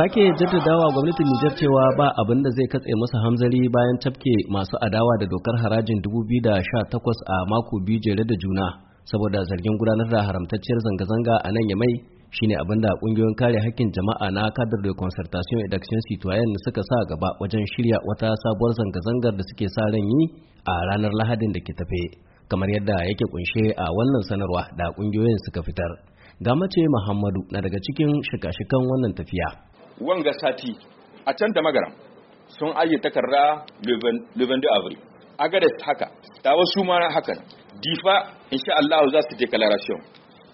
sake jaddadawa gwamnatin Nijar cewa ba abin da zai katse masa hamzari bayan tafke masu adawa da dokar harajin 2018 a mako biyu jere da juna saboda zargin gudanar da haramtacciyar zanga-zanga a nan yamai shine abin da kungiyoyin kare haƙƙin jama'a na kadar da concertation et d'action citoyenne suka sa gaba wajen shirya wata sabuwar zanga-zangar da suke sa ran yi a ranar Lahadin da ke tafe kamar yadda yake kunshe a wannan sanarwa da kungiyoyin suka fitar ga mace Muhammadu na daga cikin shika-shikan wannan tafiya wanga sati a can da magaram sun ayi takarda levendi avril agares haka ta wasu ma haka difa insha Allah za su declaration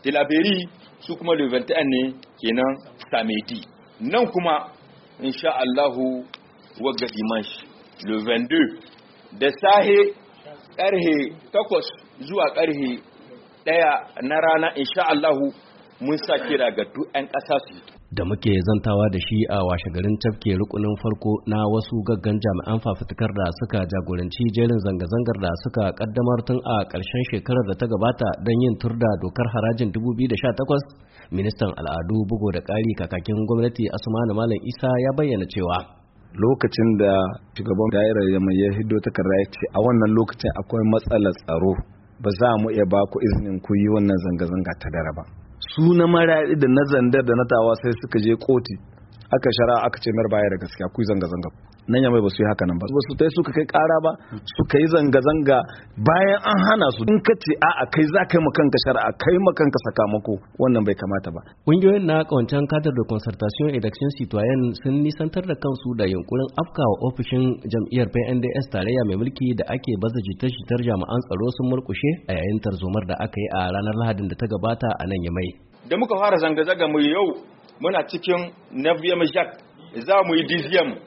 tilaberi su kuma 21 ne kenan samedi nan kuma insha Allah wagga dimanche le 22 da sahe karhe 8 zuwa karhe 1 na rana insha Allah mun sa kira ga duk 'yan ƙasa su da muke zantawa da shi a washegarin tafke rukunin farko na wasu gaggan jami'an fafutukar da suka jagoranci jerin zanga-zangar da suka kaddamar tun a ƙarshen shekarar da ta gabata don yin turda dokar harajin 2018 ministan al'adu bugu da ƙari kakakin gwamnati asmanu malam isa ya bayyana cewa lokacin da shugaban da'irar yamma ya hiddo takarda ya ce a wannan lokacin akwai matsalar tsaro ba za mu iya ba ku izinin ku yi wannan zanga-zanga ta dare ba su na mara da na zandar da na tawa sai suka je koti aka shara aka ce mayar baya da gaskiya ku zanga zanga nan ya mai ba su yi haka nan ba su tai suka kai kara ba suka yi zanga zanga bayan an hana su in kace a a kai za kai makanka shara kai makanka sakamako wannan bai kamata ba kungiyoyin na kawancan kadar da concertation et d'action sun nisantar da kansu da yunkurin afkawa ofishin jam'iyyar PNDS tarayya mai mulki da ake baza jitar-jitar jami'an tsaro sun murkushe a yayin tarzomar da aka yi a ranar Lahadin da ta gabata a nan Yamai da muka fara zanga-zanga mu yau muna cikin naviyam jack za mu yi diziyam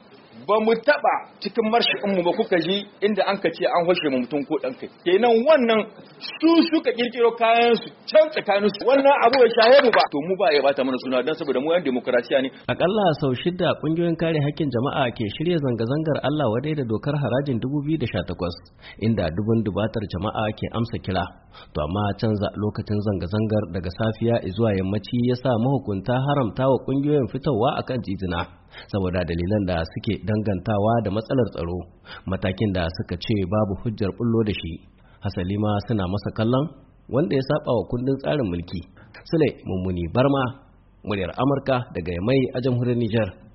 ba mu taba cikin mu ba kuka ji inda an ka ce an hoshe mu mutum ko dan kai kenan wannan su suka kirkiro kayan su can tsakanin su wannan abu ya shahe mu ba to mu ba ya bata mana suna dan saboda mu yan demokrasiya ne akalla sau shida kungiyoyin kare hakkin jama'a ke shirya zanga-zangar Allah wadai da dokar harajin 2018 inda dubun dubatar jama'a ke amsa kira to amma canza lokacin zanga-zangar daga safiya zuwa yammaci ya sa mahukunta haramta wa kungiyoyin fitowa akan jijina saboda dalilan da suke dangantawa da matsalar tsaro matakin da suka ce babu hujjar bullo da shi hasali ma suna masa kallon wanda ya saba wa kundin tsarin mulki sule mummuni barma muryar amurka daga mai a jamhuriyar Nijar.